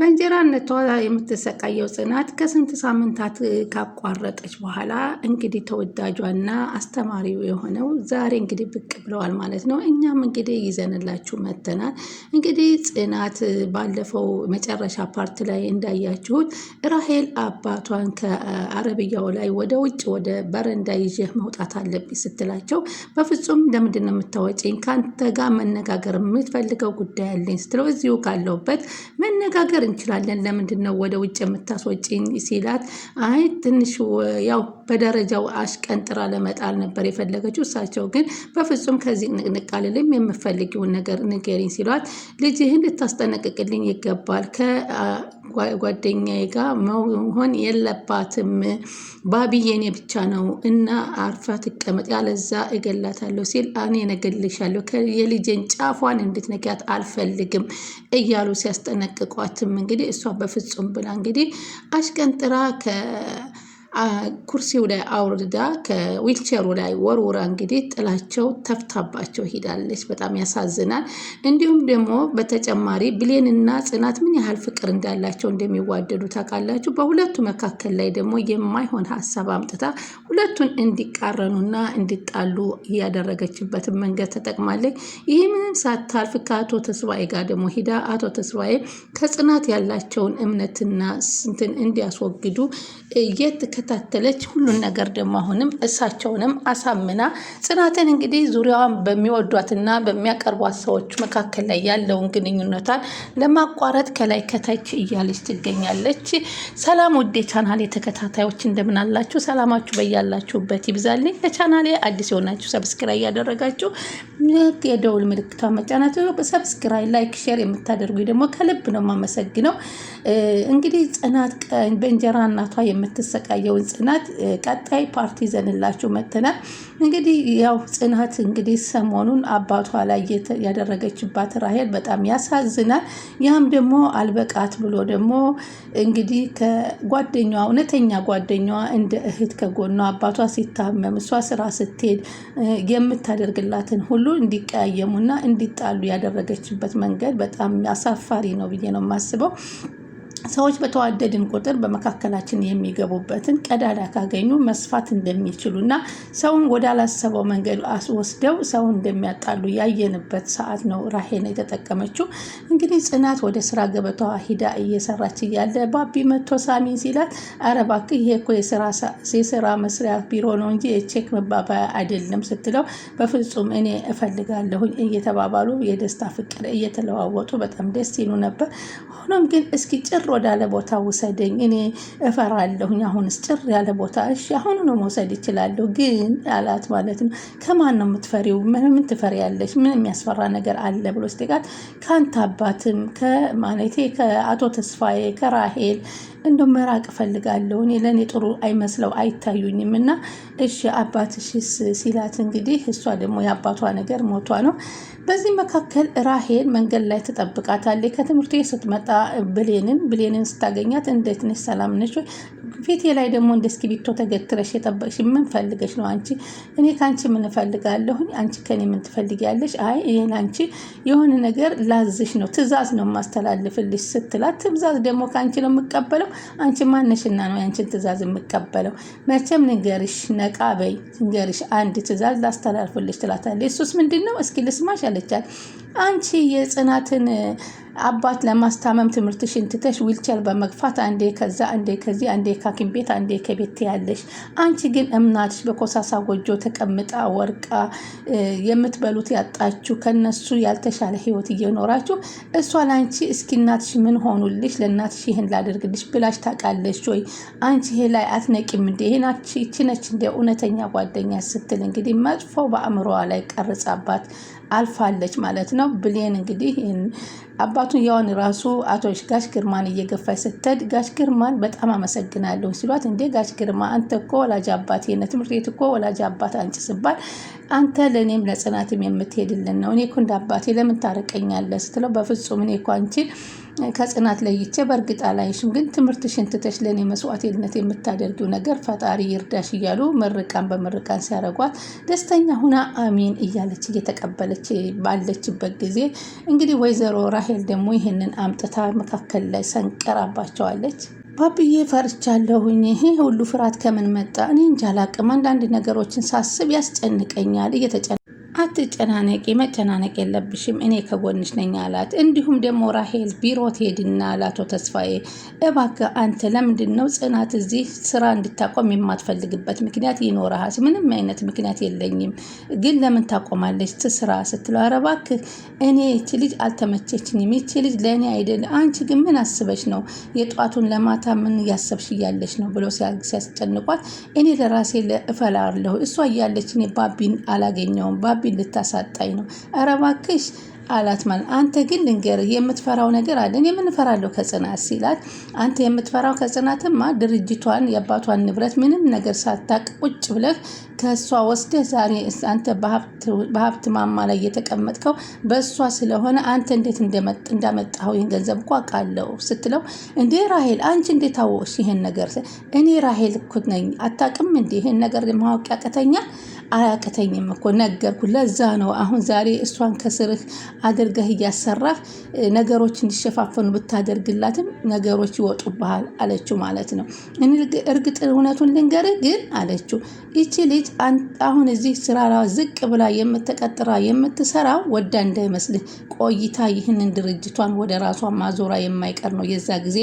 በእንጀራ የምትሰቃየው ጽናት ከስንት ሳምንታት ካቋረጠች በኋላ እንግዲህ ተወዳጇና አስተማሪው የሆነው ዛሬ እንግዲህ ብቅ ብለዋል ማለት ነው። እኛም እንግዲህ ይዘንላችሁ መተናል። እንግዲህ ጽናት ባለፈው መጨረሻ ፓርት ላይ እንዳያችሁት ራሄል አባቷን ከአረብያው ላይ ወደ ውጭ ወደ በረንዳ ይዤ መውጣት አለብኝ ስትላቸው በፍጹም ለምንድን ነው የምታወጪኝ? ከአንተ ጋር መነጋገር የምትፈልገው ጉዳይ አለኝ ስትለው እዚሁ ካለሁበት መነጋገር እንችላለን። ለምንድን ነው ወደ ውጭ የምታስወጪኝ ሲላት አይ ትንሽ ያው በደረጃው አሽቀንጥራ ለመጣል ነበር የፈለገችው። እሳቸው ግን በፍጹም ከዚህ ንቅንቅ አልልም፣ የምፈልጊውን ነገር ንገሪኝ ሲሏት ልጅህን ልታስጠነቅቅልኝ ይገባል ከጓደኛዬ ጋር መሆን የለባትም ባቢ ብቻ ነው እና አርፋ ትቀመጥ፣ ያለዛ እገላታለሁ ሲል እኔ እነግርልሻለሁ የልጄን ጫፏን እንድትነኪያት አልፈልግም እያሉ ሲያስጠነቅቋትም እንግዲህ እሷ በፍጹም ብላ እንግዲህ አሽቀንጥራ ከ ኩርሲው ላይ አውርዳ ከዊልቸሩ ላይ ወርውራ እንግዲህ ጥላቸው ተፍታባቸው ሄዳለች። በጣም ያሳዝናል። እንዲሁም ደግሞ በተጨማሪ ብሌንና ጽናት ምን ያህል ፍቅር እንዳላቸው እንደሚዋደዱ ታውቃላችሁ። በሁለቱ መካከል ላይ ደግሞ የማይሆን ሀሳብ አምጥታ ሁለቱን እንዲቃረኑና እንዲጣሉ እያደረገችበትን መንገድ ተጠቅማለች። ይህ ምንም ሳታልፍ ከአቶ ተስፋዬ ጋር ደግሞ ሂዳ አቶ ተስፋዬ ከጽናት ያላቸውን እምነትና ስንትን እንዲያስወግዱ የት እየተከታተለች ሁሉን ነገር ደግሞ አሁንም እሳቸውንም አሳምና ጽናትን እንግዲህ ዙሪያዋን በሚወዷትና በሚያቀርቧት ሰዎች መካከል ላይ ያለውን ግንኙነቷን ለማቋረጥ ከላይ ከታች እያለች ትገኛለች። ሰላም ውዴ ቻናሌ የተከታታዮች እንደምን አላችሁ? ሰላማችሁ በያላችሁበት ይብዛልኝ። ለቻናል አዲስ የሆናችሁ ሰብስክራይ እያደረጋችሁ ለት የደውል ምልክቷ መጫናት በሰብስክራይ ላይክ፣ ሼር የምታደርጉ ደግሞ ከልብ ነው የማመሰግነው። እንግዲህ ጽናት በእንጀራ እናቷ የምትሰቃየው ያሳየውን ጽናት ቀጣይ ፓርቲ ይዘንላችሁ መጥተናል። እንግዲህ ያው ጽናት እንግዲህ ሰሞኑን አባቷ ላይ ያደረገችባት ራሄል በጣም ያሳዝናል። ያም ደግሞ አልበቃት ብሎ ደግሞ እንግዲህ ከጓደኛዋ እውነተኛ ጓደኛዋ እንደ እህት ከጎኗ አባቷ ሲታመም እሷ ስራ ስትሄድ የምታደርግላትን ሁሉ እንዲቀያየሙና እንዲጣሉ ያደረገችበት መንገድ በጣም አሳፋሪ ነው ብዬ ነው የማስበው። ሰዎች በተዋደድን ቁጥር በመካከላችን የሚገቡበትን ቀዳዳ ካገኙ መስፋት እንደሚችሉና ሰውን ወደ አላሰበው መንገድ አስወስደው ሰውን እንደሚያጣሉ ያየንበት ሰዓት ነው ራሄን የተጠቀመችው። እንግዲህ ጽናት ወደ ስራ ገበታዋ ሂዳ እየሰራች እያለ ባቢ መቶ ሳሚን ሲላት፣ ኧረ እባክህ ይሄ እኮ የስራ መስሪያ ቢሮ ነው እንጂ የቼክ መባባያ አይደለም ስትለው፣ በፍጹም እኔ እፈልጋለሁኝ እየተባባሉ የደስታ ፍቅር እየተለዋወጡ በጣም ደስ ይሉ ነበር። ሆኖም ግን እስኪ ጭሮ ወዳለ ቦታ ውሰደኝ፣ እኔ እፈራለሁኝ። አሁንስ ጭር ያለ ቦታ እሺ፣ አሁኑ ነው መውሰድ ይችላለሁ ግን አላት ማለት ነው። ከማን ነው የምትፈሪው? ምን ትፈሪያለሽ? ምን የሚያስፈራ ነገር አለ ብሎ ስጠይቃት ከአንተ አባትም ከማለቴ ከአቶ ተስፋዬ ከራሄል እንደ መራቅ ፈልጋለሁ እኔ ለእኔ ጥሩ አይመስለው አይታዩኝም እና እሺ አባትሽስ ሲላት እንግዲህ እሷ ደግሞ የአባቷ ነገር ሞቷ ነው። በዚህ መካከል ራሄል መንገድ ላይ ትጠብቃታለች። ከትምህርት ቤት ስትመጣ ብሌንን ብሌንን ስታገኛት እንዴት ነሽ? ሰላም ነች ወይ? ፊቴ ላይ ደግሞ እንደ እስክሪብቶ ተገትረሽ የጠበቅሽ ምን ፈልገሽ ነው አንቺ? እኔ ከአንቺ ምን እፈልጋለሁኝ? አንቺ ከኔ ምን ትፈልጊያለሽ? አይ ይህን አንቺ የሆነ ነገር ላዝሽ ነው ትእዛዝ ነው የማስተላልፍልሽ ስትላት፣ ትእዛዝ ደግሞ ከአንቺ ነው የምቀበለው አንቺ ማነሽና ነው ያንቺን ትእዛዝ የምቀበለው? መቼም ንገርሽ፣ ነቃ በይ ንገርሽ፣ አንድ ትእዛዝ ላስተላልፍልሽ ትላታለች። እሱስ ምንድን ነው? እስኪ ልስማሽ አለቻት። አንቺ የጽናትን አባት ለማስታመም ትምህርትሽን ትተሽ ዊልቸር በመግፋት አንዴ ከዛ አንዴ ከዚህ አንዴ ካኪም ቤት አንዴ ከቤት ያለሽ፣ አንቺ ግን እምናትሽ በኮሳሳ ጎጆ ተቀምጣ ወርቃ የምትበሉት ያጣችሁ ከነሱ ያልተሻለ ህይወት እየኖራችሁ እሷ ለአንቺ እስኪ እናትሽ ምን ሆኑልሽ ለእናትሽ ይህን ላደርግልሽ ብላሽ ታውቃለሽ ወይ? አንቺ ይሄ ላይ አትነቂም እንዴ? ይህን ይህች እንደ እውነተኛ ጓደኛ ስትል እንግዲህ መጥፎ በአእምሮዋ ላይ ቀርጻባት አልፋለች ማለት ነው። ብሌን እንግዲህ አባቱ ያውን ራሱ አቶ ጋሽ ግርማን እየገፋች ስትሄድ ጋሽ ግርማን በጣም አመሰግናለሁ ሲሏት፣ እንዴ ጋሽ ግርማ አንተ እኮ ወላጅ አባት ነ ትምህርት ቤት እኮ ወላጅ አባት አንጭ ስባል አንተ ለእኔም ለጽናትም የምትሄድልን ነው። እኔ እኮ እንደ አባቴ ለምን ታርቀኛለህ ስትለው፣ በፍጹም እኔ እኮ አንቺን ከጽናት ለይቼ በእርግጥ አላይሽም፣ ግን ትምህርትሽን ትተሽ ለእኔ መስዋዕትነት የምታደርጊው ነገር ፈጣሪ ይርዳሽ እያሉ መርቃን በመርቃን ሲያደርጓት ደስተኛ ሁና አሚን እያለች እየተቀበለች ባለችበት ጊዜ እንግዲህ ወይዘሮ ራ ራሄል ደግሞ ይህንን አምጥታ መካከል ላይ ሰንቀራባቸዋለች። ባብዬ ፈርቻለሁኝ። ይሄ ሁሉ ፍርሃት ከምን መጣ? እኔ እንጃ አላቅም። አንዳንድ ነገሮችን ሳስብ ያስጨንቀኛል እየተጨ አትጨናነቂ፣ መጨናነቅ የለብሽም እኔ ከጎንሽ ነኝ አላት። እንዲሁም ደግሞ ራሄል ቢሮ ትሄድና አላቶ ተስፋዬ እባክህ አንተ ለምንድን ነው ጽናት እዚህ ስራ እንድታቆም የማትፈልግበት ምክንያት ይኖረሃል? ምንም አይነት ምክንያት የለኝም፣ ግን ለምን ታቆማለች ስራ ስትለው፣ ኧረ እባክህ እኔ ይቺ ልጅ አልተመቸችኝም፣ ይቺ ልጅ ለእኔ አይደል። አንቺ ግን ምን አስበሽ ነው የጠዋቱን ለማታ ምን እያሰብሽ እያለች ነው ብሎ ሲያስጨንቋት፣ እኔ ለራሴ እፈላለሁ እሷ እያለች እኔ ባቢን አላገኘውም ባቢ ልታሳጣኝ ነው። ኧረ እባክሽ አላት ማለት አንተ ግን ልንገርህ የምትፈራው ነገር አለ። እኔ ምን ከጽናት ሲላት፣ አንተ የምትፈራው ከጽናትማ ድርጅቷን የአባቷን ንብረት ምንም ነገር ሳታቅ ቁጭ ብለህ ከእሷ ወስደህ ዛሬ አንተ በሀብት ማማ ላይ የተቀመጥከው በእሷ ስለሆነ አንተ እንዴት እንዳመጣኸው ይህን ገንዘብ እኮ አውቃለሁ ስትለው፣ እንዴ ራሄል አንቺ እንዴት አወቅሽ ይህን ነገር? እኔ ራሄል እኮ ነኝ አታውቅም እንዴ? ይህን ነገር ማወቅ ያቅተኛል? አያቅተኝም እኮ ነገርኩ። ለዛ ነው አሁን ዛሬ እሷን ከስርህ አድርገህ እያሰራህ ነገሮች እንዲሸፋፈኑ ብታደርግላትም ነገሮች ይወጡብሃል አለችው ማለት ነው። እርግጥ እውነቱን ልንገርህ ግን አለችው ይቺ ልጅ አሁን እዚህ ስራ ዝቅ ብላ የምትቀጥራ የምትሰራ ወዳ እንዳይመስልህ ቆይታ ይህንን ድርጅቷን ወደ ራሷ ማዞራ የማይቀር ነው። የዛ ጊዜ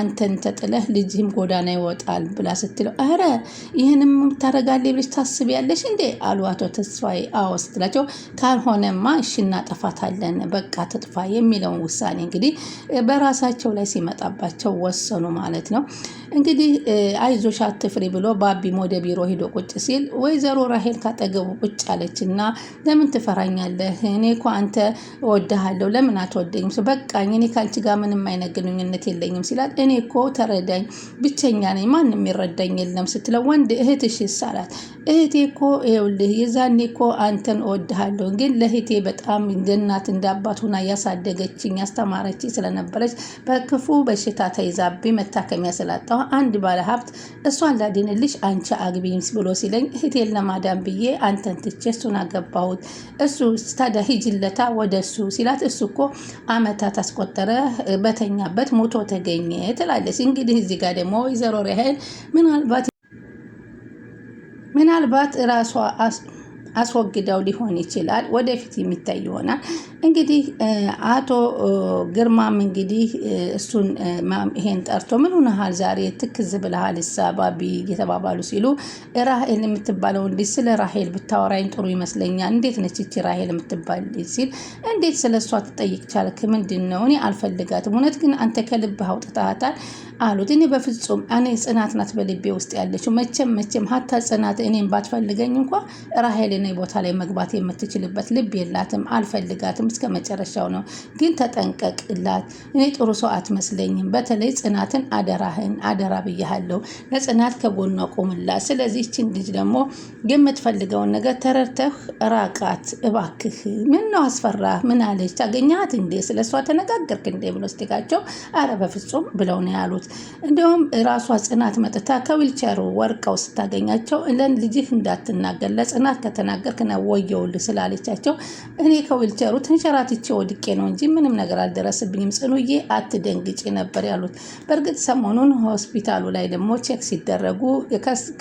አንተን ተጥለህ ልጅህም ጎዳና ይወጣል ብላ ስትለው ኧረ ይህንም የምታደርጋለች ብለሽ ታስቢያለሽ እንዴ አሉ አቶ ተስፋዬ። አዎ ስትላቸው ካልሆነማ እሺ እናጠፋታለን እንችላለን፣ በቃ ትጥፋ የሚለውን ውሳኔ እንግዲህ በራሳቸው ላይ ሲመጣባቸው ወሰኑ ማለት ነው። እንግዲህ አይዞሽ አትፍሪ ብሎ ባቢም ወደ ቢሮ ሂዶ ቁጭ ሲል ወይዘሮ ራሄል ካጠገቡ ቁጭ አለች እና ለምን ትፈራኛለህ? እኔ እኮ አንተ ወድሃለሁ፣ ለምን አትወደኝም? በቃኝ እኔ ከአንቺ ጋር ምንም አይነት ግንኙነት የለኝም ሲላል እኔ እኮ ተረዳኝ፣ ብቸኛ ነኝ፣ ማንም ይረዳኝ የለም ስትለው ወንድ እህትሽ ይሳላት እህቴ እኮ ይኸውልህ የዛኔ እኮ አንተን እወድሃለሁ ግን ለእህቴ በጣም ገናት እንደ አባቱና ያሳደገችኝ ያስተማረች ስለነበረች በክፉ በሽታ ተይዛብኝ መታከሚያ ስላጣሁ አንድ ባለሀብት እሷን ላድንልሽ አንቺ አግቢኝ ብሎ ሲለኝ እህቴን ለማዳን ብዬ አንተን ትቼ እሱን አገባሁት። እሱ ታዲያ ሂጅለታ ወደ እሱ ሲላት እሱ እኮ አመታት አስቆጠረ በተኛበት ሞቶ ተገኘ ትላለች። እንግዲህ እዚህ ጋር ደግሞ ወይዘሮ ራሄል ምናልባት ምናልባት ራሷ አስወግደው ሊሆን ይችላል። ወደፊት የሚታይ ይሆናል። እንግዲህ አቶ ግርማም እንግዲህ እሱን ይሄን ጠርቶ ምን ሆነሃል ዛሬ ትክዝ ብለሃል ሳባቢ እየተባባሉ ሲሉ ራሄል የምትባለው እንዲ ስለ ራሄል ብታወራኝ ጥሩ ይመስለኛል። እንዴት ነች ይቺ ራሄል የምትባል ሲል እንዴት ስለ እሷ ትጠይቅ ቻልክ? ምንድን ነው እኔ አልፈልጋትም። እውነት ግን አንተ ከልብህ አውጥተሃታል። አሉት። እኔ በፍጹም እኔ ጽናት ናት በልቤ ውስጥ ያለችው መቼም መቼም ሀታ ጽናት እኔም ባትፈልገኝ እንኳ ራሄል እኔ ቦታ ላይ መግባት የምትችልበት ልብ የላትም። አልፈልጋትም እስከ መጨረሻው ነው። ግን ተጠንቀቅላት። እኔ ጥሩ ሰው አትመስለኝም። በተለይ ጽናትን አደራህን አደራ ብያሃለሁ። ለጽናት ከጎኗ ቁምላት። ስለዚህ ችን ልጅ ደግሞ የምትፈልገውን ነገር ተረድተህ ራቃት እባክህ። ምን ነው አስፈራ? ምን አለች? ታገኛት እንዴ? ስለ እሷ ተነጋገርክ እንዴ? ብሎ ስቴጋቸው አረ በፍጹም ብለው ነው ያሉት። እንዲሁም ራሷ ጽናት መጥታ ከዊልቸሩ ወርቀው ስታገኛቸው ለን ልጅህ እንዳትናገር ለጽናት ከተናገርክ ነው ስላለቻቸው እኔ ከዊልቸሩ ተንሸራትቼ ወድቄ ነው እንጂ ምንም ነገር አልደረስብኝም፣ ጽኑዬ አትደንግጭ ነበር ያሉት። በእርግጥ ሰሞኑን ሆስፒታሉ ላይ ደግሞ ቼክ ሲደረጉ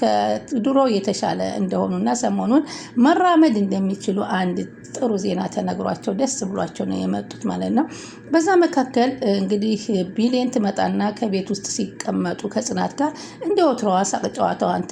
ከድሮ የተሻለ እንደሆኑና ሰሞኑን መራመድ እንደሚችሉ አንድ ጥሩ ዜና ተነግሯቸው ደስ ብሏቸው ነው የመጡት ማለት ነው። በዛ መካከል እንግዲህ ቢሌን ትመጣና ከቤቱ ቤት ውስጥ ሲቀመጡ ከጽናት ጋር እንደ ወትሮዋ ሳቅ ጨዋታዋን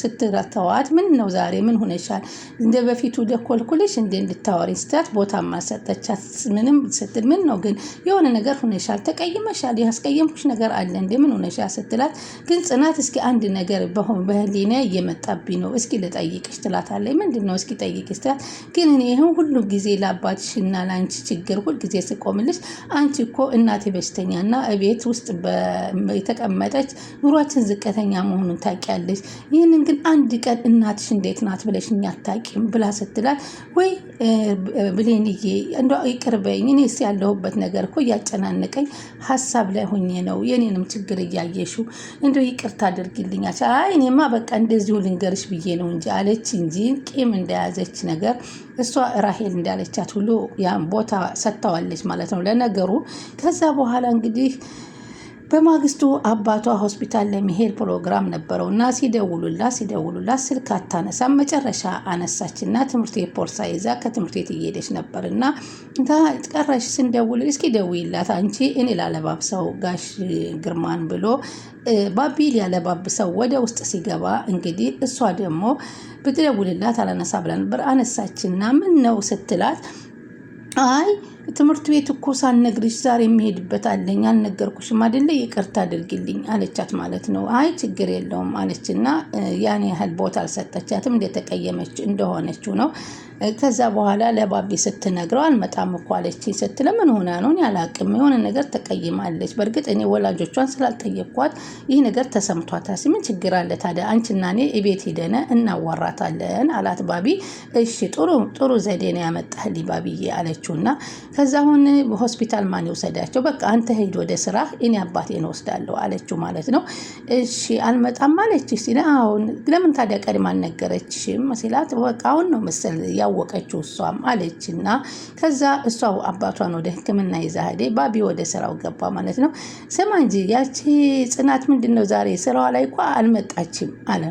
ስትረተዋት፣ ምን ነው ዛሬ ምን ሆነሻል? እንደ በፊቱ ደኮልኩልሽ እንደ እንድታወሪ ስታት ቦታ ማሰጠቻት። ምንም ስትል ምን ነው ግን የሆነ ነገር ሆነሻል፣ ተቀይመሻል፣ ያስቀየምኩሽ ነገር አለ እንደ ምን ሆነሻል ስትላት፣ ግን ጽናት እስኪ አንድ ነገር በሆን በህሊና እየመጣብኝ ነው እስኪ ልጠይቅሽ ትላታለች። ምንድን ነው እስኪ ጠይቅ ስትላት፣ ግን እኔ ይህን ሁሉ ጊዜ ለአባትሽና ለአንቺ ችግር ሁልጊዜ ስቆምልሽ አንቺ እኮ እናቴ በሽተኛና እቤት ውስጥ የተቀመጠች ኑሯችን ዝቅተኛ መሆኑን ታውቂያለች። ይህንን ግን አንድ ቀን እናትሽ እንዴት ናት ብለሽ እኛ አታውቂም ብላ ስትላል ወይ ብሌንዬ እንደ ይቅርበኝ፣ ስ ያለሁበት ነገር እኮ እያጨናነቀኝ ሀሳብ ላይ ሆኜ ነው የኔንም ችግር እያየሽው እንደ ይቅርታ አድርጊልኛች። አይ እኔማ በቃ እንደዚሁ ልንገርሽ ብዬ ነው እንጂ አለች እንጂ ቂም እንደያዘች ነገር እሷ ራሄል እንዳለቻት ሁሉ ያን ቦታ ሰጥተዋለች ማለት ነው ለነገሩ ከዛ በኋላ እንግዲህ በማግስቱ አባቷ ሆስፒታል ለመሄድ ፕሮግራም ነበረውና ሲደውሉላት ሲደውሉላት ስልክ አታነሳም። መጨረሻ አነሳችና ትምህርት ቤት ቦርሳ ይዛ ከትምህርት ቤት እየሄደች ነበርና ቀረሽ ስንደውል እስኪ ደውይላት አንቺ እኔ ላለባብሰው ጋሽ ግርማን ብሎ ባቢ ሊያለባብሰው ወደ ውስጥ ሲገባ እንግዲህ እሷ ደግሞ ብትደውልላት አላነሳ ብላ ነበር። አነሳችና ምን ነው ስትላት አይ ትምህርት ቤት እኮ ሳልነግርሽ ዛሬ የሚሄድበት አለኝ አልነገርኩሽም አይደለ? ይቅርታ አድርግልኝ አለቻት ማለት ነው። አይ ችግር የለውም አለችና ያን ያህል ቦታ አልሰጠቻትም እንደተቀየመች እንደሆነችው ነው ከዛ በኋላ ለባቢ ስትነግረው አልመጣም እኮ አለች ስትል ምን ሆና ነው ያላቅም የሆነ ነገር ተቀይማለች። በእርግጥ እኔ ወላጆቿን ስላልጠየቅኳት ይህ ነገር ተሰምቷታል። ምን ችግር አለ ታዲያ? አንቺና እኔ እቤት ሄደን እናዋራታለን አላት ባቢ። እሺ ጥሩ ጥሩ ዘዴ ነው ያመጣህልኝ ባቢዬ አለችው እና ከዛ አሁን ሆስፒታል ማን ይውሰዳቸው? በቃ አንተ ሂድ ወደ ስራ፣ እኔ አባቴን እወስዳለሁ አለችው ማለት ነው። እሺ አልመጣም አለች ሲል አሁን ለምን ታዲያ ቀድማ አልነገረችም ሲላት በቃ አሁን ነው መሰል ያወቀችው እሷም አለች እና ከዛ እሷ አባቷን ወደ ህክምና ይዛ ባቢ ወደ ስራው ገባ ማለት ነው። ስማ እንጂ ያቺ ጽናት ምንድን ነው ዛሬ ስራዋ ላይ እኳ አልመጣችም አለ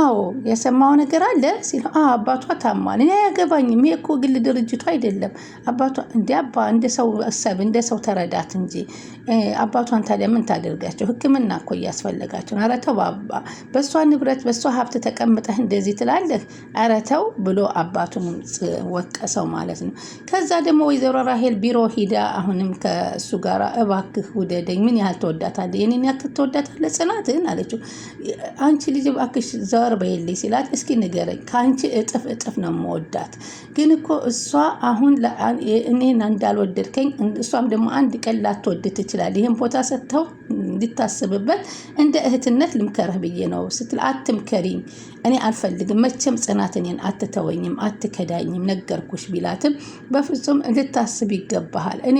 አዎ የሰማው ነገር አለ ሲለው አባቷ ታሟል። እኔ አያገባኝም። ይሄ እኮ ግል ድርጅቱ አይደለም። አባቷ እንዲ አባ እንደ ሰው ሰብ እንደ ሰው ተረዳት እንጂ አባቷን ታዲያ ምን ታደርጋቸው? ሕክምና እኮ እያስፈለጋቸው። ኧረ ተው አባ፣ በእሷ ንብረት በእሷ ሀብት ተቀምጠህ እንደዚህ ትላለህ? ኧረ ተው ብሎ አባቱን ወቀሰው ማለት ነው። ከዛ ደግሞ ወይዘሮ ራሄል ቢሮ ሂዳ አሁንም ከእሱ ጋር እባክህ ውደደኝ፣ ምን ያህል ትወዳታለህ? የኔን ያክል ትወዳታለህ ጽናትን አለችው። አንቺ ልጅ እባክሽ ዘወር በይልኝ ሲላት እስኪ ንገረኝ ከአንቺ እጥፍ እጥፍ ነው መወዳት። ግን እኮ እሷ አሁን እኔን እንዳልወደድከኝ እሷም ደግሞ አንድ ቀን ላትወድ ትችላል። ይህን ቦታ ሰጥተው እንድታስብበት እንደ እህትነት ልምከረህ ብዬ ነው ስትል አትምከሪኝ፣ እኔ አልፈልግም። መቼም ጽናት እኔን አትተወኝም፣ አትከዳኝም ነገርኩሽ ቢላትም በፍጹም ልታስብ ይገባሃል። እኔ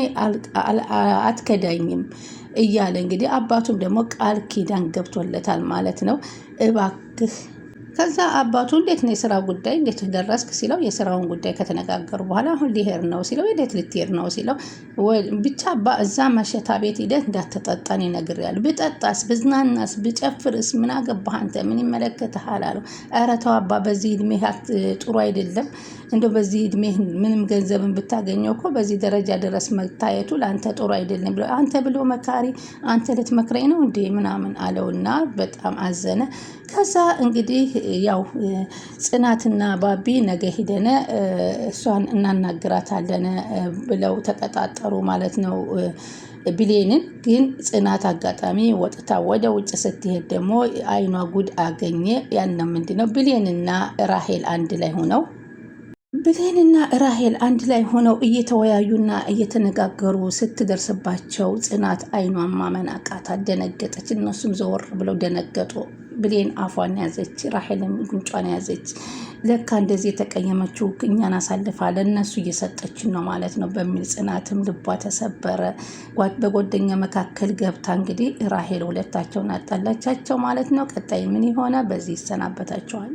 አትከዳኝም እያለ እንግዲህ አባቱም ደግሞ ቃል ኪዳን ገብቶለታል ማለት ነው እባክህ kasih gitu. ከዛ አባቱ እንዴት ነው የስራ ጉዳይ እንዴት ደረስክ ሲለው የስራውን ጉዳይ ከተነጋገሩ በኋላ አሁን ሊሄድ ነው ሲለው ወዴት ልትሄድ ነው ሲለው ብቻ አባ እዛ መሸታ ቤት ሂደት እንዳትጠጣን ይነግርሃል። ብጠጣስ ብዝናናስ ብጨፍርስ ምን አገባህ አንተ ምን ይመለከትሃል አለው። ኧረ ተው አባ በዚህ እድሜ ጥሩ አይደለም እንደ በዚህ እድሜ ምንም ገንዘብን ብታገኘው እኮ በዚህ ደረጃ ድረስ መታየቱ ለአንተ ጥሩ አይደለም ብሎ አንተ ብሎ መካሪ አንተ ልትመክረኝ ነው እንዴ ምናምን አለውና በጣም አዘነ። ከዛ እንግዲህ ያው ጽናትና ባቢ ነገ ሂደነ እሷን እናናግራታለን ብለው ተቀጣጠሩ ማለት ነው። ብሌንን ግን ጽናት አጋጣሚ ወጥታ ወደ ውጭ ስትሄድ ደግሞ አይኗ ጉድ አገኘ። ያነ ምንድ ነው ብሌንና ራሄል አንድ ላይ ሆነው ብሌንና ራሄል አንድ ላይ ሆነው እየተወያዩና እየተነጋገሩ ስትደርስባቸው ጽናት አይኗን ማመን አቃታት፣ ደነገጠች። እነሱም ዘወር ብለው ደነገጡ። ብሌን አፏን ያዘች፣ ራሄልም ጉንጯን ያዘች። ለካ እንደዚህ የተቀየመችው እኛን አሳልፋ ለእነሱ እየሰጠችን ነው ማለት ነው በሚል ጽናትም ልቧ ተሰበረ። በጓደኛ መካከል ገብታ እንግዲህ ራሄል ሁለታቸውን አጣላቻቸው ማለት ነው። ቀጣይ ምን ይሆነ? በዚህ ይሰናበታቸዋል።